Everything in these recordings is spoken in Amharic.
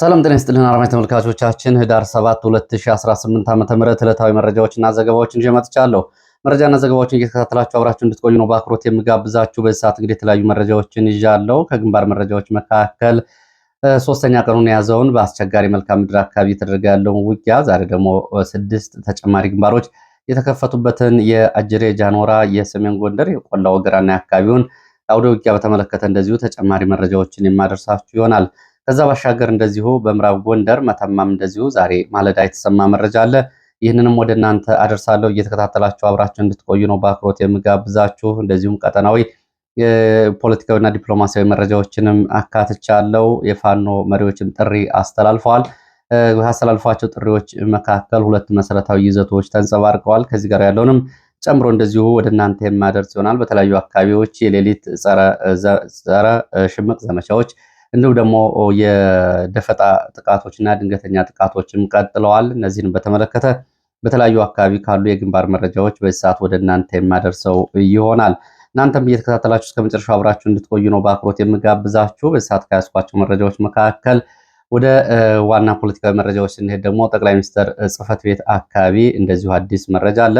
ሰላም ጤና ይስጥልን አድማጭ ተመልካቾቻችን፣ ህዳር 7 2018 ዓ.ም ዕለታዊ እና ዘገባዎችን ይዤ መጥቻለሁ። መረጃና ዘገባዎችን እየተከታተላችሁ አብራችሁ እንድትቆዩ ነው በአክብሮት የምጋብዛችሁ። በዚህ ሰዓት እንግዲህ የተለያዩ መረጃዎችን ይዣለሁ። ከግንባር መረጃዎች መካከል ሶስተኛ ቀኑን የያዘውን በአስቸጋሪ መልክዓ ምድር አካባቢ የተደረገ ያለውን ውጊያ ዛሬ ደግሞ ስድስት ተጨማሪ ግንባሮች የተከፈቱበትን የአጅሬ ጃኖራ፣ የሰሜን ጎንደር፣ የቆላ ወገራና የአካባቢውን አውደ ውጊያ በተመለከተ እንደዚሁ ተጨማሪ መረጃዎችን የማደርሳችሁ ይሆናል። ከዛ ባሻገር እንደዚሁ በምዕራብ ጎንደር መተማም እንደዚሁ ዛሬ ማለዳ የተሰማ መረጃ አለ። ይህንንም ወደ እናንተ አደርሳለሁ። እየተከታተላችሁ አብራችሁ እንድትቆዩ ነው በአክብሮት የምጋብዛችሁ። እንደዚሁም ቀጠናዊ ፖለቲካዊና ዲፕሎማሲያዊ መረጃዎችንም አካትቻለሁ። የፋኖ መሪዎችም ጥሪ አስተላልፈዋል። ካስተላልፏቸው ጥሪዎች መካከል ሁለት መሰረታዊ ይዘቶች ተንጸባርቀዋል። ከዚህ ጋር ያለውንም ጨምሮ እንደዚሁ ወደ እናንተ የማደርስ ይሆናል። በተለያዩ አካባቢዎች የሌሊት ጸረ ሽምቅ ዘመቻዎች እንዲሁም ደግሞ የደፈጣ ጥቃቶችና ድንገተኛ ጥቃቶችም ቀጥለዋል። እነዚህን በተመለከተ በተለያዩ አካባቢ ካሉ የግንባር መረጃዎች በዚህ ሰዓት ወደ እናንተ የማደርሰው ይሆናል። እናንተም እየተከታተላችሁ እስከ መጨረሻው አብራችሁ እንድትቆዩ ነው በአክብሮት የምጋብዛችሁ። በዚህ ሰዓት ከያዝኳቸው መረጃዎች መካከል ወደ ዋና ፖለቲካዊ መረጃዎች ስንሄድ ደግሞ ጠቅላይ ሚኒስትር ጽህፈት ቤት አካባቢ እንደዚሁ አዲስ መረጃ አለ።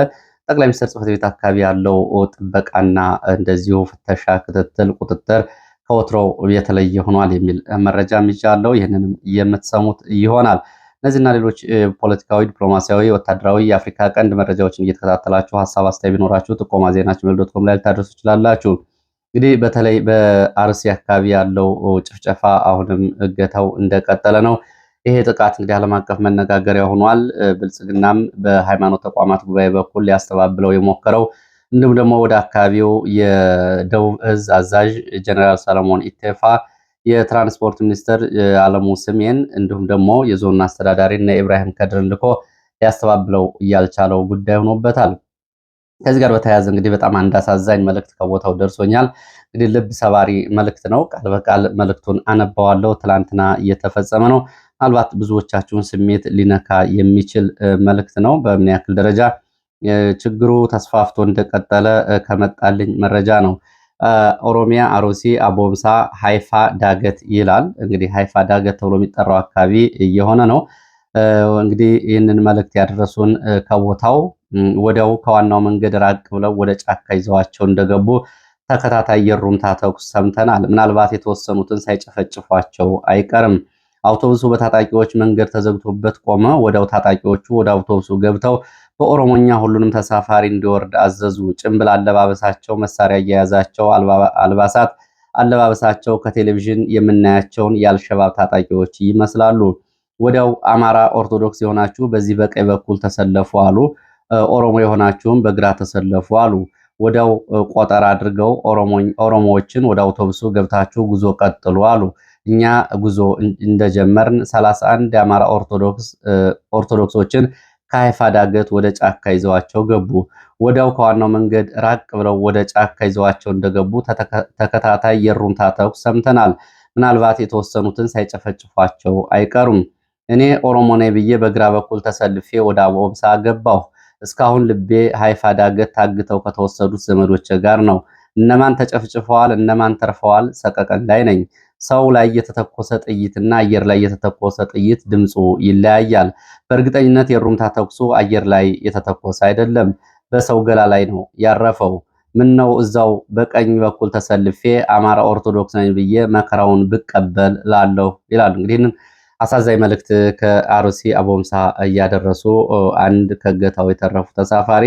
ጠቅላይ ሚኒስትር ጽህፈት ቤት አካባቢ ያለው ጥበቃና እንደዚሁ ፍተሻ፣ ክትትል፣ ቁጥጥር ከወትሮው የተለየ ሆኗል የሚል መረጃ ይዣለሁ። ይህንንም የምትሰሙት ይሆናል። እነዚህና ሌሎች ፖለቲካዊ፣ ዲፕሎማሲያዊ፣ ወታደራዊ የአፍሪካ ቀንድ መረጃዎችን እየተከታተላችሁ ሀሳብ አስተያየት ቢኖራችሁ ጥቆማ ዜና ጂሜል ዶት ኮም ላይ ልታደርሱ ትችላላችሁ። እንግዲህ በተለይ በአርሲ አካባቢ ያለው ጭፍጨፋ አሁንም እገታው እንደቀጠለ ነው። ይሄ ጥቃት እንግዲህ ዓለም አቀፍ መነጋገሪያ ሆኗል። ብልጽግናም በሃይማኖት ተቋማት ጉባኤ በኩል ሊያስተባብለው የሞከረው እንዲሁም ደግሞ ወደ አካባቢው የደቡብ እዝ አዛዥ ጀነራል ሰለሞን ኢቴፋ፣ የትራንስፖርት ሚኒስትር አለሙ ስሜን እንዲሁም ደግሞ የዞን አስተዳዳሪ እና ኢብራሂም ከድርን ልኮ ሊያስተባብለው እያልቻለው ጉዳይ ሆኖበታል። ከዚህ ጋር በተያያዘ እንግዲህ በጣም አንድ አሳዛኝ መልእክት ከቦታው ደርሶኛል። እንግዲህ ልብ ሰባሪ መልእክት ነው። ቃል በቃል መልእክቱን አነባዋለሁ። ትላንትና እየተፈጸመ ነው። ምናልባት ብዙዎቻችሁን ስሜት ሊነካ የሚችል መልእክት ነው። በምን ያክል ደረጃ ችግሩ ተስፋፍቶ እንደቀጠለ ከመጣልኝ መረጃ ነው። ኦሮሚያ አሮሲ፣ አቦምሳ፣ ሀይፋ ዳገት ይላል። እንግዲህ ሀይፋ ዳገት ተብሎ የሚጠራው አካባቢ እየሆነ ነው። እንግዲህ ይህንን መልእክት ያደረሱን ከቦታው ወዲያው ከዋናው መንገድ ራቅ ብለው ወደ ጫካ ይዘዋቸው እንደገቡ ተከታታይ የሩምታ ተኩስ ሰምተናል። ምናልባት የተወሰኑትን ሳይጨፈጭፏቸው አይቀርም። አውቶቡሱ በታጣቂዎች መንገድ ተዘግቶበት ቆመ። ወዲያው ታጣቂዎቹ ወደ አውቶቡሱ ገብተው በኦሮሞኛ ሁሉንም ተሳፋሪ እንዲወርድ አዘዙ። ጭንብል አለባበሳቸው፣ መሳሪያ አያያዛቸው፣ አልባሳት አለባበሳቸው ከቴሌቪዥን የምናያቸውን የአልሸባብ ታጣቂዎች ይመስላሉ። ወዲያው አማራ ኦርቶዶክስ የሆናችሁ በዚህ በቀኝ በኩል ተሰለፉ አሉ። ኦሮሞ የሆናችሁም በግራ ተሰለፉ አሉ። ወዲያው ቆጠር አድርገው ኦሮሞዎችን ወደ አውቶቡሱ ገብታችሁ ጉዞ ቀጥሉ አሉ። እኛ ጉዞ እንደጀመርን 31 የአማራ ኦርቶዶክሶችን ከሃይፋ ዳገት ወደ ጫካ ይዘዋቸው ገቡ። ወዲያው ከዋናው መንገድ ራቅ ብለው ወደ ጫካ ይዘዋቸው እንደገቡ ተከታታይ የሩምታ ተኩስ ሰምተናል። ምናልባት የተወሰኑትን ሳይጨፈጭፏቸው አይቀሩም። እኔ ኦሮሞ ነኝ ብዬ በግራ በኩል ተሰልፌ ወደ አቦምሳ ገባሁ። እስካሁን ልቤ ሀይፋ ዳገት ታግተው ከተወሰዱት ዘመዶች ጋር ነው። እነማን ተጨፍጭፈዋል፣ እነማን ተርፈዋል፣ ሰቀቀን ላይ ነኝ። ሰው ላይ የተተኮሰ ጥይትና አየር ላይ የተተኮሰ ጥይት ድምፁ ይለያያል። በእርግጠኝነት የሩምታ ተኩሱ አየር ላይ የተተኮሰ አይደለም፣ በሰው ገላ ላይ ነው ያረፈው። ምን ነው እዛው በቀኝ በኩል ተሰልፌ አማራ ኦርቶዶክስ ነኝ ብዬ መከራውን ብቀበል ላለሁ ይላሉ። እንግዲህ አሳዛኝ መልእክት ከአርሲ አቦምሳ እያደረሱ አንድ ከገታው የተረፉ ተሳፋሪ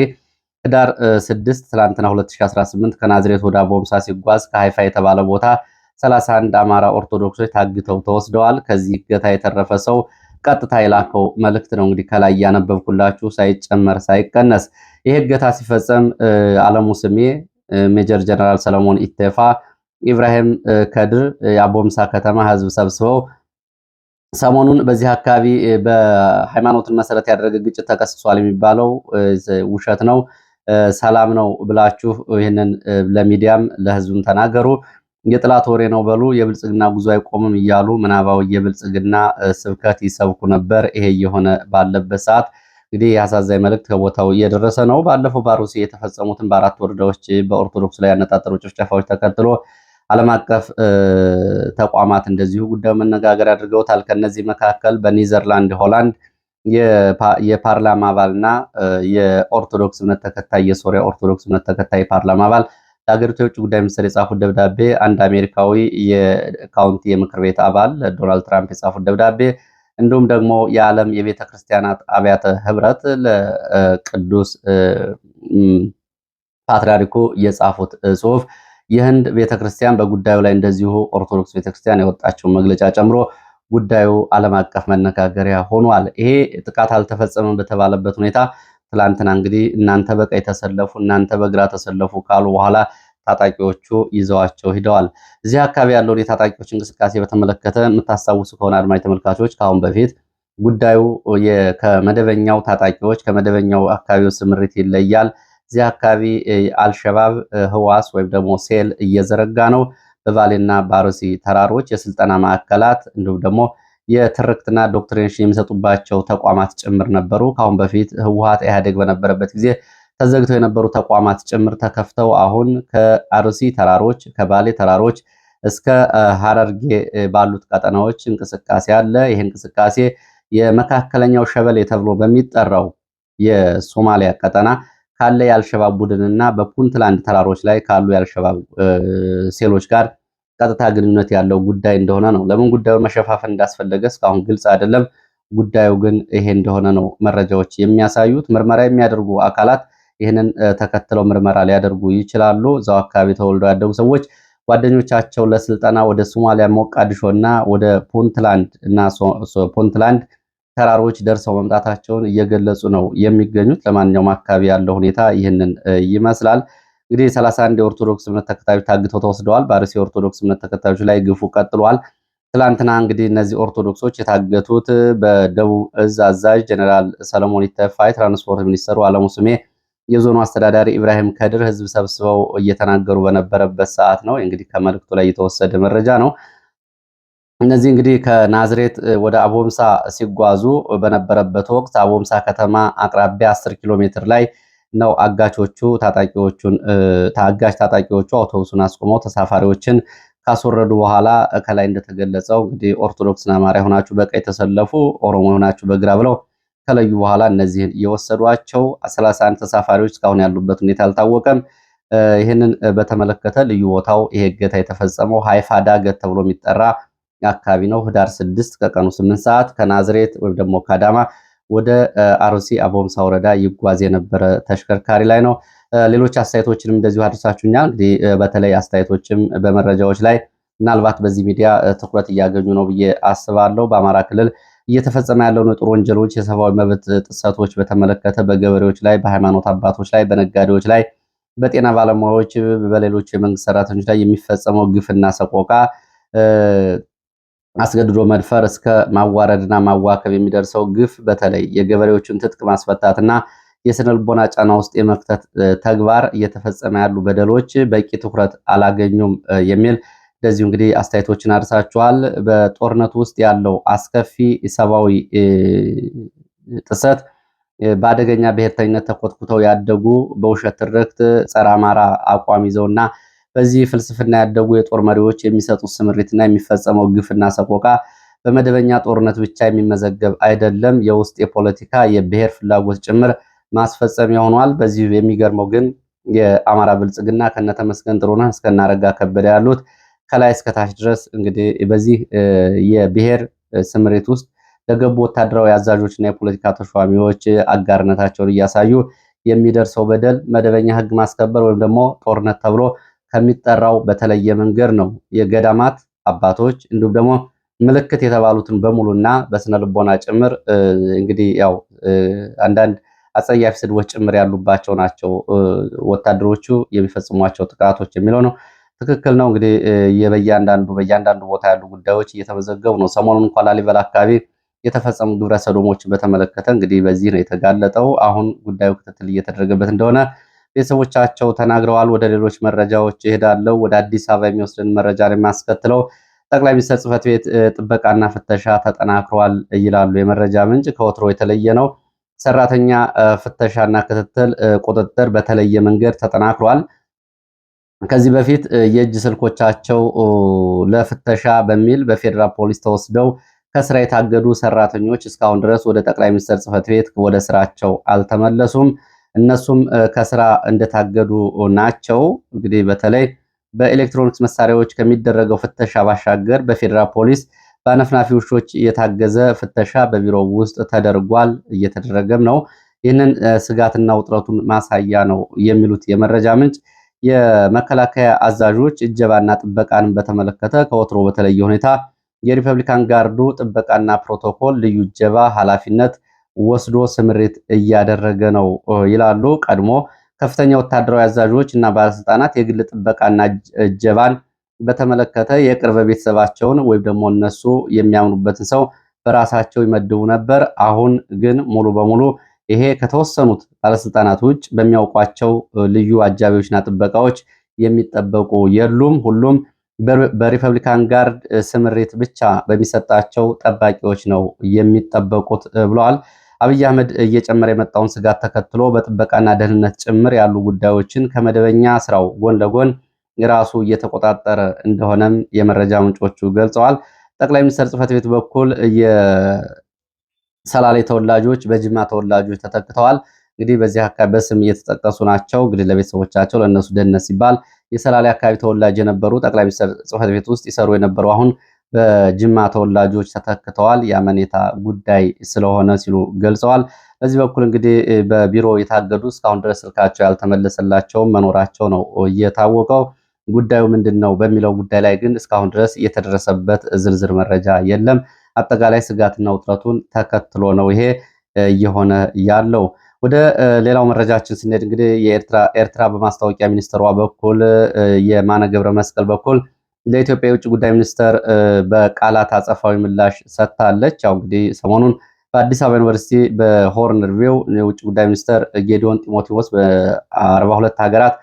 ህዳር 6 ትላንትና 2018 ከናዝሬት ወደ አቦምሳ ሲጓዝ ከሃይፋ የተባለ ቦታ 31 አማራ ኦርቶዶክሶች ታግተው ተወስደዋል። ከዚህ እገታ የተረፈ ሰው ቀጥታ የላከው መልእክት ነው። እንግዲህ ከላይ እያነበብኩላችሁ ሳይጨመር ሳይቀነስ ይህ እገታ ሲፈጸም አለሙ ስሜ፣ ሜጀር ጀነራል ሰለሞን ኢቴፋ፣ ኢብራሂም ከድር የአቦምሳ ከተማ ህዝብ ሰብስበው ሰሞኑን በዚህ አካባቢ በሃይማኖትን መሰረት ያደረገ ግጭት ተቀስሷል የሚባለው ውሸት ነው፣ ሰላም ነው ብላችሁ ይህንን ለሚዲያም ለህዝቡም ተናገሩ። የጥላት ወሬ ነው በሉ የብልጽግና ጉዞ አይቆምም እያሉ ምናባዊ የብልጽግና ስብከት ይሰብኩ ነበር። ይሄ የሆነ ባለበት ሰዓት እንግዲህ የአሳዛኝ መልእክት ከቦታው እየደረሰ ነው። ባለፈው ባሩሲ የተፈጸሙትን በአራት ወረዳዎች በኦርቶዶክስ ላይ ያነጣጠሩ ጭፍጨፋዎች ተከትሎ ዓለም አቀፍ ተቋማት እንደዚሁ ጉዳዩ መነጋገር አድርገውታል። ከነዚህ መካከል በኒዘርላንድ ሆላንድ የፓርላማ አባልና የኦርቶዶክስ እምነት ተከታይ የሶሪያ ኦርቶዶክስ እምነት ተከታይ ፓርላማ አባል የሀገሪቱ የውጭ ጉዳይ ሚኒስትር የጻፉት ደብዳቤ አንድ አሜሪካዊ የካውንቲ የምክር ቤት አባል ዶናልድ ትራምፕ የጻፉት ደብዳቤ እንዲሁም ደግሞ የዓለም የቤተ ክርስቲያናት አብያተ ህብረት ለቅዱስ ፓትርያርኩ የጻፉት ጽሁፍ የህንድ ቤተክርስቲያን በጉዳዩ ላይ እንደዚሁ ኦርቶዶክስ ቤተክርስቲያን የወጣቸውን መግለጫ ጨምሮ ጉዳዩ ዓለም አቀፍ መነጋገሪያ ሆኗል። ይሄ ጥቃት አልተፈጸመም በተባለበት ሁኔታ ትላንትና እንግዲህ እናንተ በቀኝ ተሰለፉ፣ እናንተ በግራ ተሰለፉ ካሉ በኋላ ታጣቂዎቹ ይዘዋቸው ሂደዋል። እዚህ አካባቢ ያለውን የታጣቂዎች እንቅስቃሴ በተመለከተ የምታስታውሱ ከሆነ አድማጭ ተመልካቾች ከአሁን በፊት ጉዳዩ ከመደበኛው ታጣቂዎች ከመደበኛው አካባቢው ስምሪት ይለያል። እዚህ አካባቢ አልሸባብ ህዋስ ወይም ደግሞ ሴል እየዘረጋ ነው። በባሌና በአርሲ ተራሮች የስልጠና ማዕከላት እንዲሁም ደግሞ የትርክትና ዶክትሪኔሽን የሚሰጡባቸው ተቋማት ጭምር ነበሩ። ከአሁን በፊት ህወሀት ኢህአዴግ በነበረበት ጊዜ ተዘግተው የነበሩ ተቋማት ጭምር ተከፍተው አሁን ከአርሲ ተራሮች ከባሌ ተራሮች እስከ ሀረርጌ ባሉት ቀጠናዎች እንቅስቃሴ አለ። ይህ እንቅስቃሴ የመካከለኛው ሸበሌ ተብሎ በሚጠራው የሶማሊያ ቀጠና ካለ የአልሸባብ ቡድንና በፑንትላንድ ተራሮች ላይ ካሉ የአልሸባብ ሴሎች ጋር ቀጥታ ግንኙነት ያለው ጉዳይ እንደሆነ ነው። ለምን ጉዳዩን መሸፋፈን እንዳስፈለገ እስካሁን ግልጽ አይደለም። ጉዳዩ ግን ይሄ እንደሆነ ነው መረጃዎች የሚያሳዩት። ምርመራ የሚያደርጉ አካላት ይህንን ተከትለው ምርመራ ሊያደርጉ ይችላሉ። እዛው አካባቢ ተወልደው ያደጉ ሰዎች ጓደኞቻቸው ለስልጠና ወደ ሶማሊያ ሞቃዲሾ እና ወደ ፑንትላንድ እና ፑንትላንድ ተራሮች ደርሰው መምጣታቸውን እየገለጹ ነው የሚገኙት። ለማንኛውም አካባቢ ያለው ሁኔታ ይህንን ይመስላል። እንግዲህ ሰላሳ የኦርቶዶክስ እምነት ተከታዮች ታግተው ተወስደዋል። በአርሲ የኦርቶዶክስ እምነት ተከታዮች ላይ ግፉ ቀጥሏል። ትላንትና እንግዲህ እነዚህ ኦርቶዶክሶች የታገቱት በደቡብ እዝ አዛዥ ጀነራል ሰለሞን ይተፋ፣ የትራንስፖርት ሚኒስትሩ አለሙ ስሜ፣ የዞኑ አስተዳዳሪ ኢብራሂም ከድር ህዝብ ሰብስበው እየተናገሩ በነበረበት ሰዓት ነው። እንግዲህ ከመልእክቱ ላይ የተወሰደ መረጃ ነው። እነዚህ እንግዲህ ከናዝሬት ወደ አቦምሳ ሲጓዙ በነበረበት ወቅት አቦምሳ ከተማ አቅራቢያ 10 ኪሎ ሜትር ላይ ነው አጋቾቹ ታጣቂዎቹን ታጋች ታጣቂዎቹ አውቶቡሱን አስቆመው ተሳፋሪዎችን ካስወረዱ በኋላ ከላይ እንደተገለጸው እንግዲህ ኦርቶዶክስና አማራ ሆናችሁ በቀኝ የተሰለፉ ኦሮሞ ሆናችሁ በግራ ብለው ከለዩ በኋላ እነዚህን የወሰዷቸው 31 ተሳፋሪዎች እስካሁን ያሉበት ሁኔታ አልታወቀም። ይህንን በተመለከተ ልዩ ቦታው ይሄ እገታ የተፈጸመው ሃይፋዳ ገት ተብሎ የሚጠራ አካባቢ ነው። ህዳር 6 ከቀኑ 8 ሰዓት ከናዝሬት ወይም ደግሞ ከአዳማ ወደ አርሲ አቦምሳ ወረዳ ይጓዝ የነበረ ተሽከርካሪ ላይ ነው። ሌሎች አስተያየቶችንም እንደዚሁ አድርሳችሁኛል። እንግዲህ በተለይ አስተያየቶችም በመረጃዎች ላይ ምናልባት በዚህ ሚዲያ ትኩረት እያገኙ ነው ብዬ አስባለሁ። በአማራ ክልል እየተፈጸመ ያለውን የጦር ወንጀሎች፣ የሰብአዊ መብት ጥሰቶች በተመለከተ በገበሬዎች ላይ፣ በሃይማኖት አባቶች ላይ፣ በነጋዴዎች ላይ፣ በጤና ባለሙያዎች፣ በሌሎች የመንግስት ሰራተኞች ላይ የሚፈጸመው ግፍና ሰቆቃ አስገድዶ መድፈር እስከ ማዋረድና ማዋከብ የሚደርሰው ግፍ በተለይ የገበሬዎችን ትጥቅ ማስፈታትና የስነልቦና ጫና ውስጥ የመክተት ተግባር እየተፈጸመ ያሉ በደሎች በቂ ትኩረት አላገኙም የሚል እንደዚሁ እንግዲህ አስተያየቶችን አድርሳችኋል። በጦርነቱ ውስጥ ያለው አስከፊ ሰብአዊ ጥሰት በአደገኛ ብሔርተኝነት ተኮትኩተው ያደጉ በውሸት ትርክት ጸረ አማራ አቋም ይዘውና በዚህ ፍልስፍና ያደጉ የጦር መሪዎች የሚሰጡት ስምሪትና የሚፈጸመው ግፍና ሰቆቃ በመደበኛ ጦርነት ብቻ የሚመዘገብ አይደለም፣ የውስጥ የፖለቲካ የብሔር ፍላጎት ጭምር ማስፈጸሚያ ሆኗል። በዚህ የሚገርመው ግን የአማራ ብልጽግና ከነተመስገን ጥሩነህ እስከናረጋ ከበደ ያሉት ከላይ እስከታች ድረስ እንግዲህ በዚህ የብሔር ስምሪት ውስጥ ለገቡ ወታደራዊ አዛዦችና የፖለቲካ ተሿሚዎች አጋርነታቸውን እያሳዩ የሚደርሰው በደል መደበኛ ህግ ማስከበር ወይም ደግሞ ጦርነት ተብሎ ከሚጠራው በተለየ መንገድ ነው። የገዳማት አባቶች እንዲሁም ደግሞ ምልክት የተባሉትን በሙሉና በስነ ልቦና ጭምር እንግዲህ ያው አንዳንድ አጸያፊ ስድቦች ጭምር ያሉባቸው ናቸው ወታደሮቹ የሚፈጽሟቸው ጥቃቶች የሚለው ነው። ትክክል ነው። እንግዲህ የበያንዳንዱ በእያንዳንዱ ቦታ ያሉ ጉዳዮች እየተመዘገቡ ነው። ሰሞኑን እንኳ ላሊበላ አካባቢ የተፈጸሙ ግብረ ሰዶሞችን በተመለከተ እንግዲህ በዚህ ነው የተጋለጠው። አሁን ጉዳዩ ክትትል እየተደረገበት እንደሆነ ቤተሰቦቻቸው ተናግረዋል። ወደ ሌሎች መረጃዎች ይሄዳለው። ወደ አዲስ አበባ የሚወስድን መረጃ የሚያስከትለው ጠቅላይ ሚኒስትር ጽህፈት ቤት ጥበቃና ፍተሻ ተጠናክሯል ይላሉ የመረጃ ምንጭ። ከወትሮ የተለየ ነው። ሰራተኛ ፍተሻና ክትትል ቁጥጥር በተለየ መንገድ ተጠናክሯል። ከዚህ በፊት የእጅ ስልኮቻቸው ለፍተሻ በሚል በፌዴራል ፖሊስ ተወስደው ከስራ የታገዱ ሰራተኞች እስካሁን ድረስ ወደ ጠቅላይ ሚኒስትር ጽህፈት ቤት ወደ ስራቸው አልተመለሱም። እነሱም ከስራ እንደታገዱ ናቸው። እንግዲህ በተለይ በኤሌክትሮኒክስ መሳሪያዎች ከሚደረገው ፍተሻ ባሻገር በፌዴራል ፖሊስ በአነፍናፊ ውሾች የታገዘ ፍተሻ በቢሮ ውስጥ ተደርጓል፣ እየተደረገም ነው። ይህንን ስጋትና ውጥረቱን ማሳያ ነው የሚሉት የመረጃ ምንጭ የመከላከያ አዛዦች እጀባና ጥበቃን በተመለከተ ከወትሮ በተለየ ሁኔታ የሪፐብሊካን ጋርዱ ጥበቃና ፕሮቶኮል ልዩ እጀባ ኃላፊነት ወስዶ ስምሪት እያደረገ ነው ይላሉ። ቀድሞ ከፍተኛ ወታደራዊ አዛዦች እና ባለስልጣናት የግል ጥበቃና እጀባን በተመለከተ የቅርብ ቤተሰባቸውን ወይም ደግሞ እነሱ የሚያምኑበትን ሰው በራሳቸው ይመድቡ ነበር። አሁን ግን ሙሉ በሙሉ ይሄ ከተወሰኑት ባለስልጣናት ውጭ በሚያውቋቸው ልዩ አጃቢዎችና ጥበቃዎች የሚጠበቁ የሉም ሁሉም በሪፐብሊካን ጋርድ ስምሪት ብቻ በሚሰጣቸው ጠባቂዎች ነው የሚጠበቁት ብለዋል። አብይ አህመድ እየጨመረ የመጣውን ስጋት ተከትሎ በጥበቃና ደህንነት ጭምር ያሉ ጉዳዮችን ከመደበኛ ስራው ጎን ለጎን ራሱ እየተቆጣጠረ እንደሆነም የመረጃ ምንጮቹ ገልጸዋል። ጠቅላይ ሚኒስትር ጽህፈት ቤት በኩል የሰላሌ ተወላጆች በጅማ ተወላጆች ተተክተዋል። እንግዲህ በዚህ አካባቢ በስም እየተጠቀሱ ናቸው። እንግዲህ ለቤተሰቦቻቸው ለእነሱ ደህንነት ሲባል የሰላሌ አካባቢ ተወላጅ የነበሩ ጠቅላይ ሚኒስትር ጽህፈት ቤት ውስጥ ይሰሩ የነበሩ አሁን በጅማ ተወላጆች ተተክተዋል። የአመኔታ ጉዳይ ስለሆነ ሲሉ ገልጸዋል። በዚህ በኩል እንግዲህ በቢሮ የታገዱ እስካሁን ድረስ ስልካቸው ያልተመለሰላቸውም መኖራቸው ነው እየታወቀው። ጉዳዩ ምንድን ነው በሚለው ጉዳይ ላይ ግን እስካሁን ድረስ የተደረሰበት ዝርዝር መረጃ የለም። አጠቃላይ ስጋትና ውጥረቱን ተከትሎ ነው ይሄ እየሆነ ያለው። ወደ ሌላው መረጃችን ስንሄድ እንግዲህ የኤርትራ በማስታወቂያ ሚኒስትሯ በኩል የማነ ገብረ መስቀል በኩል ለኢትዮጵያ የውጭ ጉዳይ ሚኒስተር በቃላት አጸፋዊ ምላሽ ሰጥታለች። ያው እንግዲህ ሰሞኑን በአዲስ አበባ ዩኒቨርሲቲ በሆርን ሪቪው የውጭ ጉዳይ ሚኒስተር ጌዲዮን ጢሞቴዎስ በአርባ ሁለት ሀገራት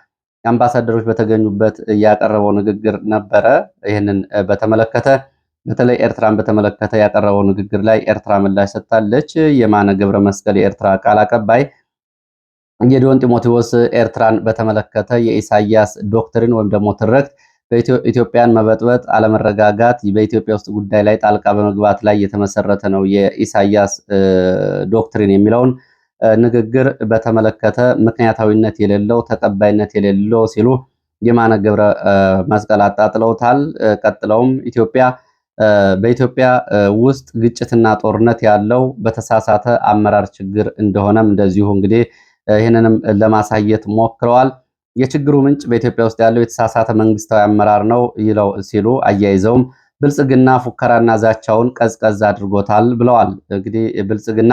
አምባሳደሮች በተገኙበት ያቀረበው ንግግር ነበረ። ይህንን በተመለከተ በተለይ ኤርትራን በተመለከተ ያቀረበው ንግግር ላይ ኤርትራ ምላሽ ሰጥታለች። የማነ ገብረ መስቀል የኤርትራ ቃል አቀባይ የዶን ጢሞቴዎስ ኤርትራን በተመለከተ የኢሳያስ ዶክትሪን ወይም ደግሞ ትረክ በኢትዮጵያን መበጥበጥ፣ አለመረጋጋት በኢትዮጵያ ውስጥ ጉዳይ ላይ ጣልቃ በመግባት ላይ የተመሰረተ ነው የኢሳያስ ዶክትሪን የሚለውን ንግግር በተመለከተ ምክንያታዊነት የሌለው ተቀባይነት የሌለው ሲሉ የማነ ገብረ መስቀል አጣጥለውታል። ቀጥለውም ኢትዮጵያ በኢትዮጵያ ውስጥ ግጭትና ጦርነት ያለው በተሳሳተ አመራር ችግር እንደሆነም እንደዚሁ እንግዲህ ይህንንም ለማሳየት ሞክረዋል። የችግሩ ምንጭ በኢትዮጵያ ውስጥ ያለው የተሳሳተ መንግስታዊ አመራር ነው ይለው ሲሉ አያይዘውም ብልጽግና ፉከራና ዛቻውን ቀዝቀዝ አድርጎታል ብለዋል። እንግዲህ ብልጽግና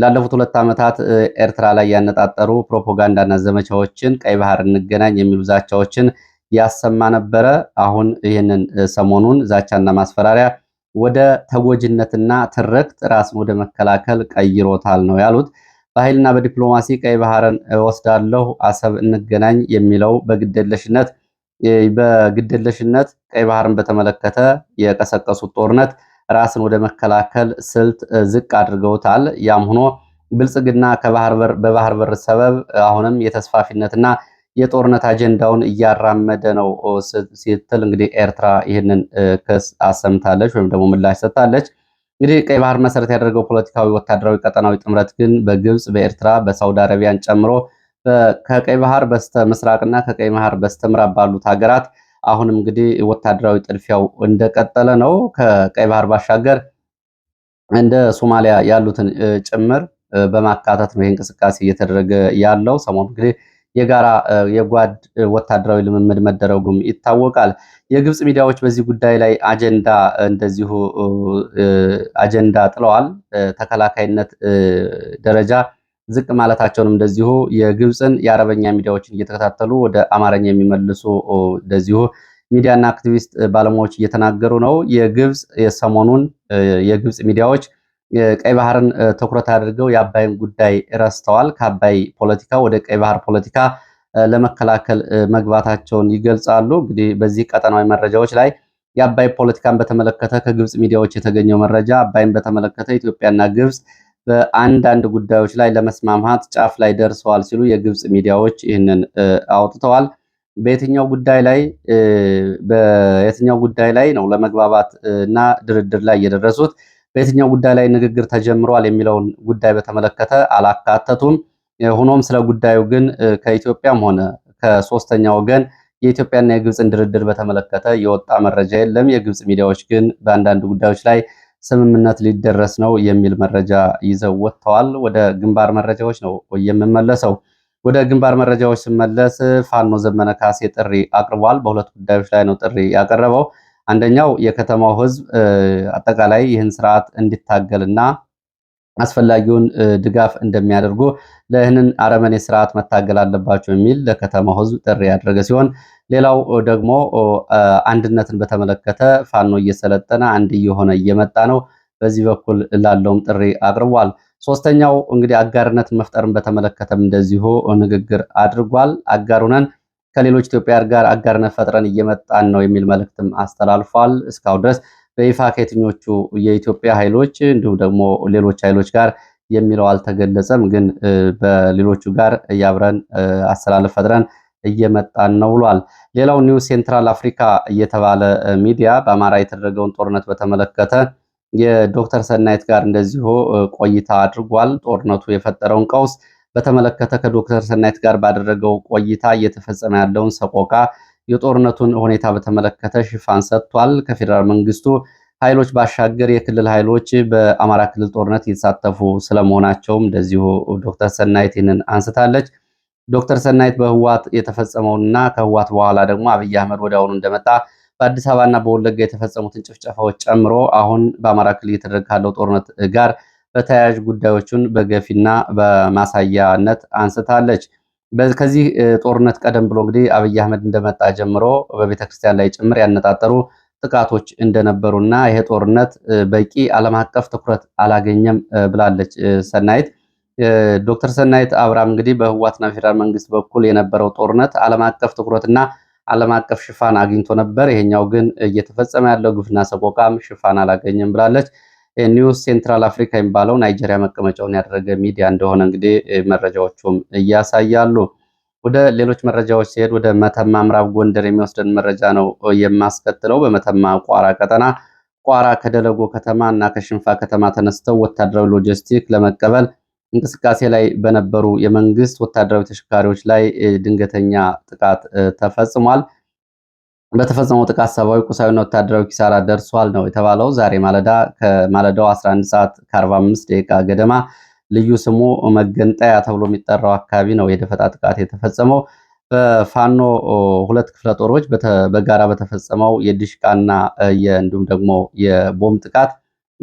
ላለፉት ሁለት ዓመታት ኤርትራ ላይ ያነጣጠሩ ፕሮፓጋንዳና ዘመቻዎችን፣ ቀይ ባህር እንገናኝ የሚሉ ዛቻዎችን ያሰማ ነበረ። አሁን ይህንን ሰሞኑን ዛቻና ማስፈራሪያ ወደ ተጎጂነትና ትርክት ራስን ወደ መከላከል ቀይሮታል ነው ያሉት። በኃይልና በዲፕሎማሲ ቀይ ባህርን ወስዳለሁ፣ አሰብ እንገናኝ የሚለው በግደለሽነት በግደለሽነት ቀይ ባህርን በተመለከተ የቀሰቀሱት ጦርነት ራስን ወደ መከላከል ስልት ዝቅ አድርገውታል። ያም ሆኖ ብልጽግና ከባህር በር በባህር በር ሰበብ አሁንም የተስፋፊነትና የጦርነት አጀንዳውን እያራመደ ነው ስትል እንግዲህ ኤርትራ ይህንን ክስ አሰምታለች ወይም ደግሞ ምላሽ ሰጥታለች። እንግዲህ ቀይ ባህር መሰረት ያደረገው ፖለቲካዊ፣ ወታደራዊ፣ ቀጠናዊ ጥምረት ግን በግብፅ በኤርትራ በሳውዲ አረቢያን ጨምሮ ከቀይ ባህር በስተ ምስራቅና ከቀይ ባህር በስተ ምዕራብ ባሉት ሀገራት አሁንም እንግዲህ ወታደራዊ ጥድፊያው እንደቀጠለ ነው። ከቀይ ባህር ባሻገር እንደ ሶማሊያ ያሉትን ጭምር በማካተት ነው ይህ እንቅስቃሴ እየተደረገ ያለው ሰሞኑ እንግዲህ የጋራ የጓድ ወታደራዊ ልምምድ መደረጉም ይታወቃል። የግብፅ ሚዲያዎች በዚህ ጉዳይ ላይ አጀንዳ እንደዚሁ አጀንዳ ጥለዋል። ተከላካይነት ደረጃ ዝቅ ማለታቸውን እንደዚሁ የግብፅን የአረበኛ ሚዲያዎችን እየተከታተሉ ወደ አማርኛ የሚመልሱ እንደዚሁ ሚዲያና አክቲቪስት ባለሙያዎች እየተናገሩ ነው። የግብፅ የሰሞኑን የግብፅ ሚዲያዎች የቀይ ባህርን ትኩረት አድርገው የአባይን ጉዳይ ረስተዋል። ከአባይ ፖለቲካ ወደ ቀይ ባህር ፖለቲካ ለመከላከል መግባታቸውን ይገልጻሉ። እንግዲህ በዚህ ቀጠናዊ መረጃዎች ላይ የአባይ ፖለቲካን በተመለከተ ከግብፅ ሚዲያዎች የተገኘው መረጃ አባይን በተመለከተ ኢትዮጵያና ግብፅ በአንዳንድ ጉዳዮች ላይ ለመስማማት ጫፍ ላይ ደርሰዋል ሲሉ የግብፅ ሚዲያዎች ይህንን አውጥተዋል። በየትኛው ጉዳይ ላይ በየትኛው ጉዳይ ላይ ነው ለመግባባት እና ድርድር ላይ የደረሱት? በየትኛው ጉዳይ ላይ ንግግር ተጀምሯል የሚለውን ጉዳይ በተመለከተ አላካተቱም። ሆኖም ስለ ጉዳዩ ግን ከኢትዮጵያም ሆነ ከሶስተኛ ወገን የኢትዮጵያና የግብፅን ድርድር በተመለከተ የወጣ መረጃ የለም። የግብፅ ሚዲያዎች ግን በአንዳንድ ጉዳዮች ላይ ስምምነት ሊደረስ ነው የሚል መረጃ ይዘው ወጥተዋል። ወደ ግንባር መረጃዎች ነው የምመለሰው። ወደ ግንባር መረጃዎች ስመለስ ፋኖ ዘመነ ካሴ ጥሪ አቅርቧል። በሁለት ጉዳዮች ላይ ነው ጥሪ ያቀረበው። አንደኛው የከተማው ህዝብ አጠቃላይ ይህን ስርዓት እንዲታገልና አስፈላጊውን ድጋፍ እንደሚያደርጉ ለህንን አረመኔ ስርዓት መታገል አለባቸው የሚል ለከተማው ህዝብ ጥሪ ያደረገ ሲሆን ሌላው ደግሞ አንድነትን በተመለከተ ፋኖ እየሰለጠነ አንድ እየሆነ እየመጣ ነው። በዚህ በኩል ላለውም ጥሪ አቅርቧል። ሶስተኛው እንግዲህ አጋርነትን መፍጠርን በተመለከተም እንደዚሁ ንግግር አድርጓል። አጋሩነን ከሌሎች ኢትዮጵያ ጋር አጋርነት ፈጥረን እየመጣን ነው የሚል መልእክትም አስተላልፏል። እስካሁን ድረስ በይፋ ከየትኞቹ የኢትዮጵያ ኃይሎች እንዲሁም ደግሞ ሌሎች ኃይሎች ጋር የሚለው አልተገለጸም። ግን በሌሎቹ ጋር እያብረን አስተላልፍ ፈጥረን እየመጣን ነው ብሏል። ሌላው ኒው ሴንትራል አፍሪካ እየተባለ ሚዲያ በአማራ የተደረገውን ጦርነት በተመለከተ የዶክተር ሰናይት ጋር እንደዚሁ ቆይታ አድርጓል። ጦርነቱ የፈጠረውን ቀውስ በተመለከተ ከዶክተር ሰናይት ጋር ባደረገው ቆይታ እየተፈጸመ ያለውን ሰቆቃ፣ የጦርነቱን ሁኔታ በተመለከተ ሽፋን ሰጥቷል። ከፌዴራል መንግስቱ ኃይሎች ባሻገር የክልል ኃይሎች በአማራ ክልል ጦርነት እየተሳተፉ ስለመሆናቸውም እንደዚሁ ዶክተር ሰናይት ይህንን አንስታለች። ዶክተር ሰናይት በህዋት የተፈጸመውንና ከህዋት በኋላ ደግሞ አብይ አህመድ ወዲያውኑ እንደመጣ በአዲስ አበባና በወለጋ የተፈጸሙትን ጭፍጨፋዎች ጨምሮ አሁን በአማራ ክልል እየተደረገ ካለው ጦርነት ጋር በተያያዥ ጉዳዮቹን በገፊና በማሳያነት አንስታለች። ከዚህ ጦርነት ቀደም ብሎ እንግዲህ አብይ አህመድ እንደመጣ ጀምሮ በቤተክርስቲያን ላይ ጭምር ያነጣጠሩ ጥቃቶች እንደነበሩና ይሄ ጦርነት በቂ ዓለም አቀፍ ትኩረት አላገኘም ብላለች ሰናይት። ዶክተር ሰናይት አብርሃም እንግዲህ በህዋትና ፌዴራል መንግስት በኩል የነበረው ጦርነት ዓለም አቀፍ ትኩረትና ዓለም አቀፍ ሽፋን አግኝቶ ነበር። ይሄኛው ግን እየተፈጸመ ያለው ግፍና ሰቆቃም ሽፋን አላገኘም ብላለች። ኒው ሴንትራል አፍሪካ የሚባለው ናይጄሪያ መቀመጫውን ያደረገ ሚዲያ እንደሆነ እንግዲህ መረጃዎቹም እያሳያሉ። ወደ ሌሎች መረጃዎች ሲሄድ ወደ መተማ ምዕራብ ጎንደር የሚወስደን መረጃ ነው የማስከትለው። በመተማ ቋራ ቀጠና ቋራ ከደለጎ ከተማ እና ከሽንፋ ከተማ ተነስተው ወታደራዊ ሎጂስቲክ ለመቀበል እንቅስቃሴ ላይ በነበሩ የመንግስት ወታደራዊ ተሽከርካሪዎች ላይ ድንገተኛ ጥቃት ተፈጽሟል። በተፈጸመው ጥቃት ሰብአዊ፣ ቁሳዊና ወታደራዊ ኪሳራ ደርሷል ነው የተባለው። ዛሬ ማለዳ ከማለዳው 11 ሰዓት ከ45 ደቂቃ ገደማ ልዩ ስሙ መገንጠያ ተብሎ የሚጠራው አካባቢ ነው የደፈጣ ጥቃት የተፈጸመው። በፋኖ ሁለት ክፍለ ጦሮች በጋራ በተፈጸመው የድሽቃና እንዲሁም ደግሞ የቦምብ ጥቃት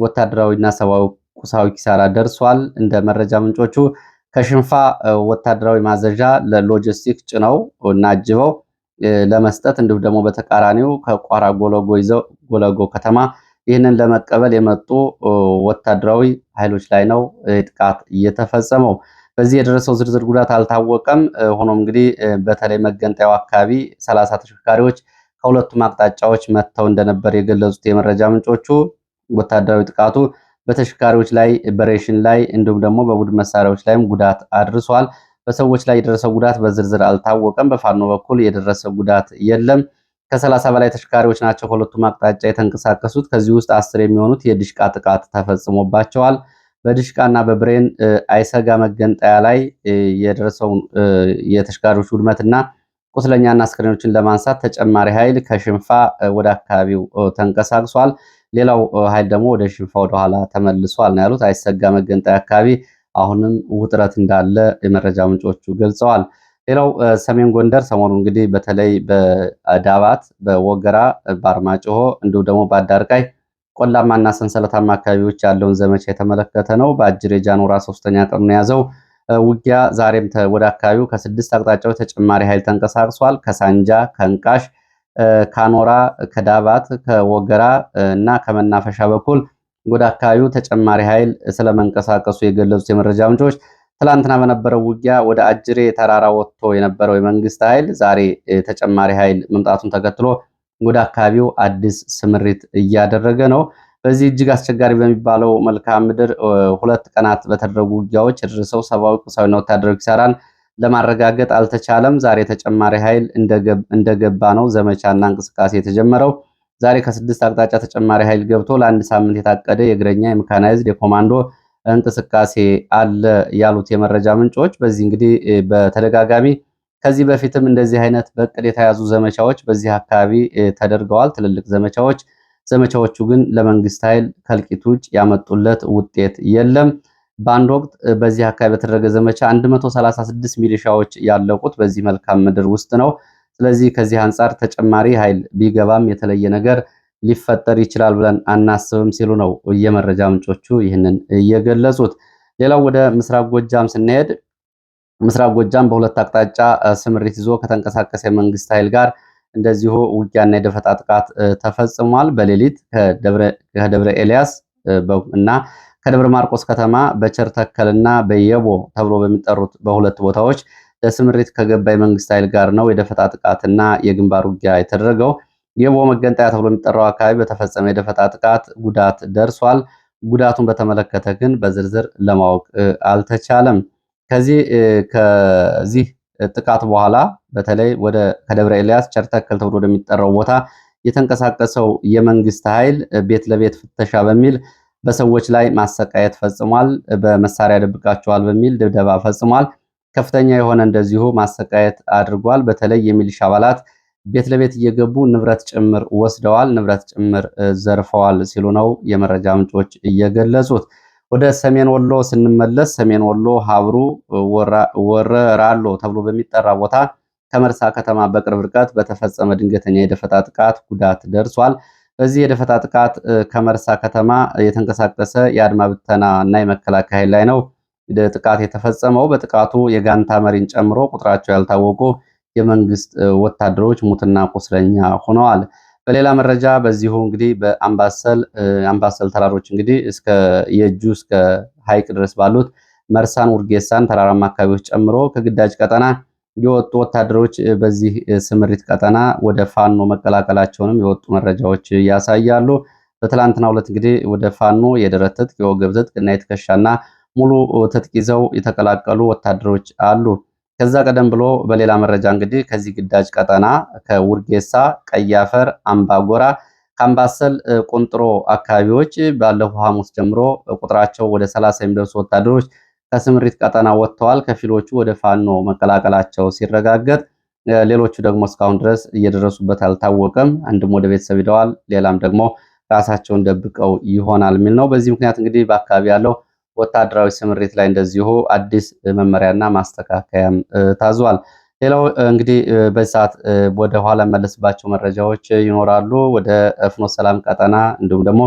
ወታደራዊና ሰብአዊ ቁሳዊ ኪሳራ ደርሷል። እንደ መረጃ ምንጮቹ ከሽንፋ ወታደራዊ ማዘዣ ለሎጂስቲክ ጭነው እና አጅበው ለመስጠት እንዲሁም ደግሞ በተቃራኒው ከቋራ ጎለጎ ከተማ ይህንን ለመቀበል የመጡ ወታደራዊ ኃይሎች ላይ ነው ጥቃት እየተፈጸመው። በዚህ የደረሰው ዝርዝር ጉዳት አልታወቀም። ሆኖም እንግዲህ በተለይ መገንጠያው አካባቢ ሰላሳ ተሽከርካሪዎች ከሁለቱም አቅጣጫዎች መጥተው እንደነበር የገለጹት የመረጃ ምንጮቹ ወታደራዊ ጥቃቱ በተሽከርካሪዎች ላይ በሬሽን ላይ እንዲሁም ደግሞ በቡድን መሳሪያዎች ላይም ጉዳት አድርሷል። በሰዎች ላይ የደረሰ ጉዳት በዝርዝር አልታወቀም። በፋኖ በኩል የደረሰ ጉዳት የለም። ከሰላሳ በላይ ተሽከርካሪዎች ናቸው ከሁለቱም አቅጣጫ የተንቀሳቀሱት። ከዚህ ውስጥ አስር የሚሆኑት የድሽቃ ጥቃት ተፈጽሞባቸዋል። በድሽቃና በብሬን አይሰጋ መገንጠያ ላይ የደረሰውን የተሽከርካሪዎች ውድመትና ቁስለኛና አስክሬኖችን ለማንሳት ተጨማሪ ኃይል ከሽንፋ ወደ አካባቢው ተንቀሳቅሷል። ሌላው ኃይል ደግሞ ወደ ሽንፋ ወደኋላ ተመልሷል ነው ያሉት። አይሰጋ መገንጠያ አካባቢ አሁንም ውጥረት እንዳለ የመረጃ ምንጮቹ ገልጸዋል። ሌላው ሰሜን ጎንደር ሰሞኑ እንግዲህ በተለይ በዳባት፣ በወገራ፣ በአርማጭሆ እንዲሁም ደግሞ በአዳርቃይ ቆላማና ሰንሰለታማ አካባቢዎች ያለውን ዘመቻ የተመለከተ ነው። በአጅር የጃንሆራ ሶስተኛ ቀኑ የያዘው ውጊያ ዛሬም ወደ አካባቢው ከስድስት አቅጣጫዎች ተጨማሪ ኃይል ተንቀሳቅሷል። ከሳንጃ፣ ከእንቃሽ፣ ከኖራ ከዳባት፣ ከወገራ እና ከመናፈሻ በኩል ወደ አካባቢው ተጨማሪ ኃይል ስለመንቀሳቀሱ የገለጹት የመረጃ ምንጮች ትላንትና በነበረው ውጊያ ወደ አጅሬ ተራራ ወጥቶ የነበረው የመንግስት ኃይል ዛሬ ተጨማሪ ኃይል መምጣቱን ተከትሎ ወደ አካባቢው አዲስ ስምሪት እያደረገ ነው። በዚህ እጅግ አስቸጋሪ በሚባለው መልክዓ ምድር ሁለት ቀናት በተደረጉ ውጊያዎች የደረሰው ሰብአዊ፣ ቁሳዊና ወታደራዊ ኪሳራን ለማረጋገጥ አልተቻለም። ዛሬ ተጨማሪ ኃይል እንደገባ ነው ዘመቻና እንቅስቃሴ የተጀመረው። ዛሬ ከስድስት አቅጣጫ ተጨማሪ ኃይል ገብቶ ለአንድ ሳምንት የታቀደ የእግረኛ የመካናይዝድ የኮማንዶ እንቅስቃሴ አለ ያሉት የመረጃ ምንጮች በዚህ እንግዲህ በተደጋጋሚ ከዚህ በፊትም እንደዚህ አይነት በቅድ የተያዙ ዘመቻዎች በዚህ አካባቢ ተደርገዋል። ትልልቅ ዘመቻዎች። ዘመቻዎቹ ግን ለመንግስት ኃይል ከልቂት ውጭ ያመጡለት ውጤት የለም። በአንድ ወቅት በዚህ አካባቢ በተደረገ ዘመቻ 136 ሚሊሻዎች ያለቁት በዚህ መልካም ምድር ውስጥ ነው። ስለዚህ ከዚህ አንጻር ተጨማሪ ኃይል ቢገባም የተለየ ነገር ሊፈጠር ይችላል ብለን አናስብም ሲሉ ነው የመረጃ ምንጮቹ ይህንን እየገለጹት ሌላው ወደ ምስራቅ ጎጃም ስንሄድ ምስራቅ ጎጃም በሁለት አቅጣጫ ስምሪት ይዞ ከተንቀሳቀሰ የመንግስት ኃይል ጋር እንደዚሁ ውጊያና የደፈጣ ጥቃት ተፈጽሟል። በሌሊት ከደብረ ኤልያስ እና ከደብረ ማርቆስ ከተማ በቸርተከልና በየቦ ተብሎ በሚጠሩት በሁለት ቦታዎች ለስምሪት ከገባ የመንግስት ኃይል ጋር ነው የደፈጣ ጥቃትና የግንባር ውጊያ የተደረገው። የቦ መገንጠያ ተብሎ የሚጠራው አካባቢ በተፈጸመ የደፈጣ ጥቃት ጉዳት ደርሷል። ጉዳቱን በተመለከተ ግን በዝርዝር ለማወቅ አልተቻለም። ከዚህ ጥቃት በኋላ በተለይ ወደ ከደብረ ኤልያስ ቸርተክል ተብሎ ወደሚጠራው ቦታ የተንቀሳቀሰው የመንግስት ኃይል ቤት ለቤት ፍተሻ በሚል በሰዎች ላይ ማሰቃየት ፈጽሟል። በመሳሪያ ደብቃቸዋል በሚል ድብደባ ፈጽሟል። ከፍተኛ የሆነ እንደዚሁ ማሰቃየት አድርጓል። በተለይ የሚሊሻ አባላት ቤት ለቤት እየገቡ ንብረት ጭምር ወስደዋል፣ ንብረት ጭምር ዘርፈዋል ሲሉ ነው የመረጃ ምንጮች እየገለጹት። ወደ ሰሜን ወሎ ስንመለስ ሰሜን ወሎ ሀብሩ ወረራሎ ተብሎ በሚጠራ ቦታ ከመርሳ ከተማ በቅርብ ርቀት በተፈጸመ ድንገተኛ የደፈጣ ጥቃት ጉዳት ደርሷል። በዚህ የደፈጣ ጥቃት ከመርሳ ከተማ የተንቀሳቀሰ የአድማ ብተና እና የመከላከያ ኃይል ላይ ነው ጥቃት የተፈጸመው በጥቃቱ የጋንታ መሪን ጨምሮ ቁጥራቸው ያልታወቁ የመንግስት ወታደሮች ሙትና ቁስለኛ ሆነዋል። በሌላ መረጃ በዚሁ እንግዲህ በአምባሰል አምባሰል ተራሮች እንግዲህ እስከ የእጁ እስከ ሀይቅ ድረስ ባሉት መርሳን፣ ውርጌሳን ተራራማ አካባቢዎች ጨምሮ ከግዳጅ ቀጠና የወጡ ወታደሮች በዚህ ስምሪት ቀጠና ወደ ፋኖ መቀላቀላቸውንም የወጡ መረጃዎች ያሳያሉ። በትላንትና ሁለት እንግዲህ ወደ ፋኖ የደረት ትጥቅ፣ የወገብ ትጥቅ እና የትከሻና ሙሉ ትጥቅ ይዘው የተቀላቀሉ ወታደሮች አሉ። ከዛ ቀደም ብሎ በሌላ መረጃ እንግዲህ ከዚህ ግዳጅ ቀጠና ከውርጌሳ፣ ቀያፈር፣ አምባጎራ፣ ካምባሰል፣ ቁንጥሮ አካባቢዎች ባለፈው ሐሙስ ጀምሮ ቁጥራቸው ወደ ሰላሳ የሚደርሱ ወታደሮች ከስምሪት ቀጠና ወጥተዋል። ከፊሎቹ ወደ ፋኖ መቀላቀላቸው ሲረጋገጥ ሌሎቹ ደግሞ እስካሁን ድረስ እየደረሱበት አልታወቀም። አንድም ወደ ቤተሰብ ሂደዋል፣ ሌላም ደግሞ ራሳቸውን ደብቀው ይሆናል የሚል ነው። በዚህ ምክንያት እንግዲህ በአካባቢ ያለው ወታደራዊ ስምሪት ላይ እንደዚሁ አዲስ መመሪያና ማስተካከያም ታዟል። ሌላው እንግዲህ በዚህ ሰዓት ወደ ኋላ መለስባቸው መረጃዎች ይኖራሉ። ወደ እፍኖ ሰላም ቀጠና እንዲሁም ደግሞ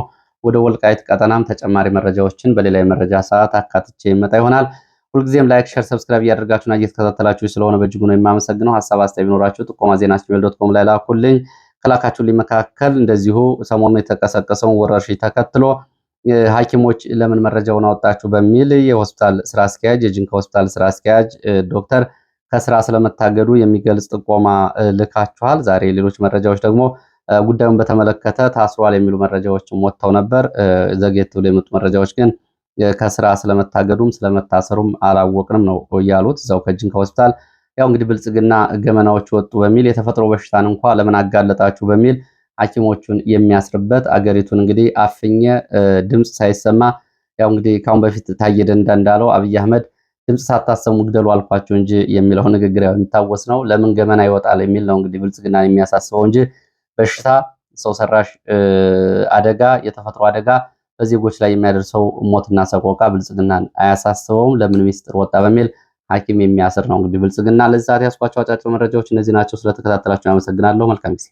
ወደ ወልቃይት ቀጠናም ተጨማሪ መረጃዎችን በሌላ የመረጃ ሰዓት አካትቼ ይመጣ ይሆናል። ሁልጊዜም ላይክ፣ ሸር፣ ሰብስክራይብ እያደርጋችሁና እየተከታተላችሁ ስለሆነ በእጅጉ ነው የማመሰግነው። ሀሳብ አስተያየት ቢኖራችሁ ጥቆማ ዜና ጂሜል ዶት ኮም ላይ ላኩልኝ። ከላካችሁልኝ መካከል እንደዚሁ ሰሞኑ የተቀሰቀሰውን ወረርሽኝ ተከትሎ ሐኪሞች ለምን መረጃውን አወጣችሁ በሚል የሆስፒታል ስራ አስኪያጅ የጅንካ ሆስፒታል ስራ አስኪያጅ ዶክተር ከስራ ስለመታገዱ የሚገልጽ ጥቆማ ልካችኋል። ዛሬ ሌሎች መረጃዎች ደግሞ ጉዳዩን በተመለከተ ታስሯል የሚሉ መረጃዎችም ወጥተው ነበር። ዘግየት ብሎ የመጡ መረጃዎች ግን ከስራ ስለመታገዱም ስለመታሰሩም አላወቅንም ነው እያሉት እዛው ከጅንካ ሆስፒታል ያው እንግዲህ ብልጽግና ገመናዎች ወጡ በሚል የተፈጥሮ በሽታን እንኳ ለምን አጋለጣችሁ በሚል ሐኪሞቹን የሚያስርበት አገሪቱን እንግዲህ አፍኘ ድምፅ ሳይሰማ ያው እንግዲህ ካሁን በፊት ታየ ደንዳ እንዳለው አብይ አህመድ ድምፅ ሳታሰሙ ግደሉ አልኳቸው እንጂ የሚለው ንግግር ያው የሚታወስ ነው። ለምን ገመና ይወጣል የሚል ነው እንግዲህ ብልጽግና የሚያሳስበው እንጂ በሽታ፣ ሰው ሰራሽ አደጋ፣ የተፈጥሮ አደጋ በዜጎች ላይ የሚያደርሰው ሞትና ሰቆቃ ብልጽግናን አያሳስበውም። ለምን ሚስጥር ወጣ በሚል ሐኪም የሚያስር ነው እንግዲህ ብልጽግና። ለዚህ ሰዓት ያስኳቸው አጫጭር መረጃዎች እነዚህ ናቸው። ስለተከታተላቸው አመሰግናለሁ። መልካም ጊዜ